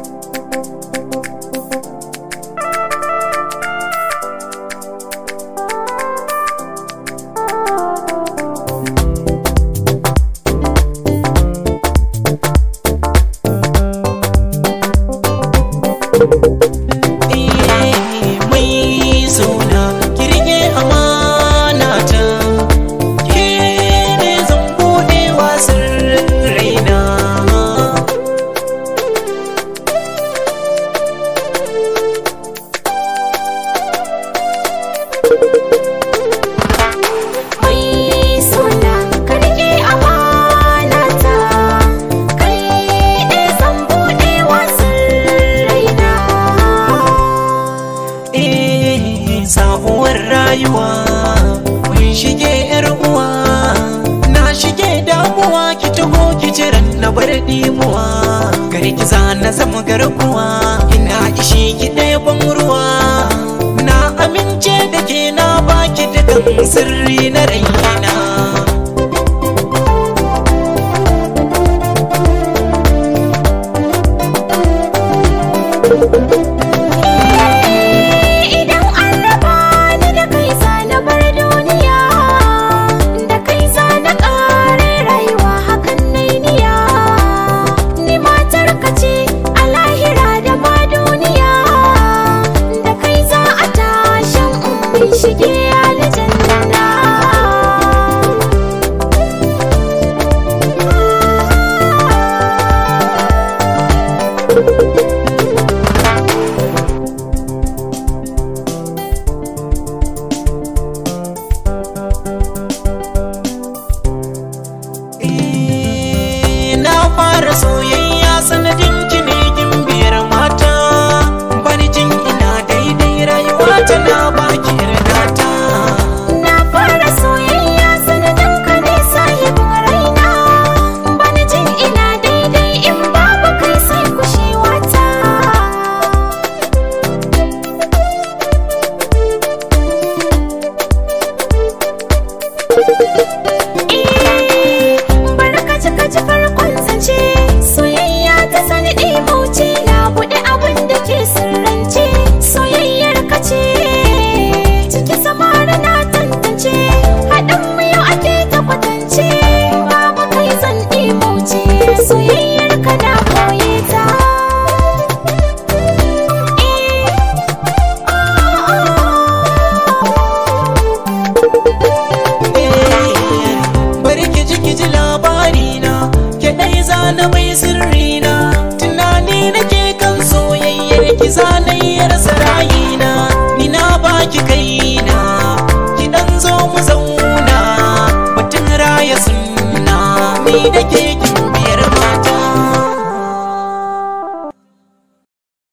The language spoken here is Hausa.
Thank you eh sabuwar rayuwa kun shige yar uwa na shige damuwa ki taho ki jiran na bar dimuwa gare ki na zama garkuwa ina ishi ki ɗaya ban ruwa na amince da ke na baki dukan sirri na raina razón ni da ke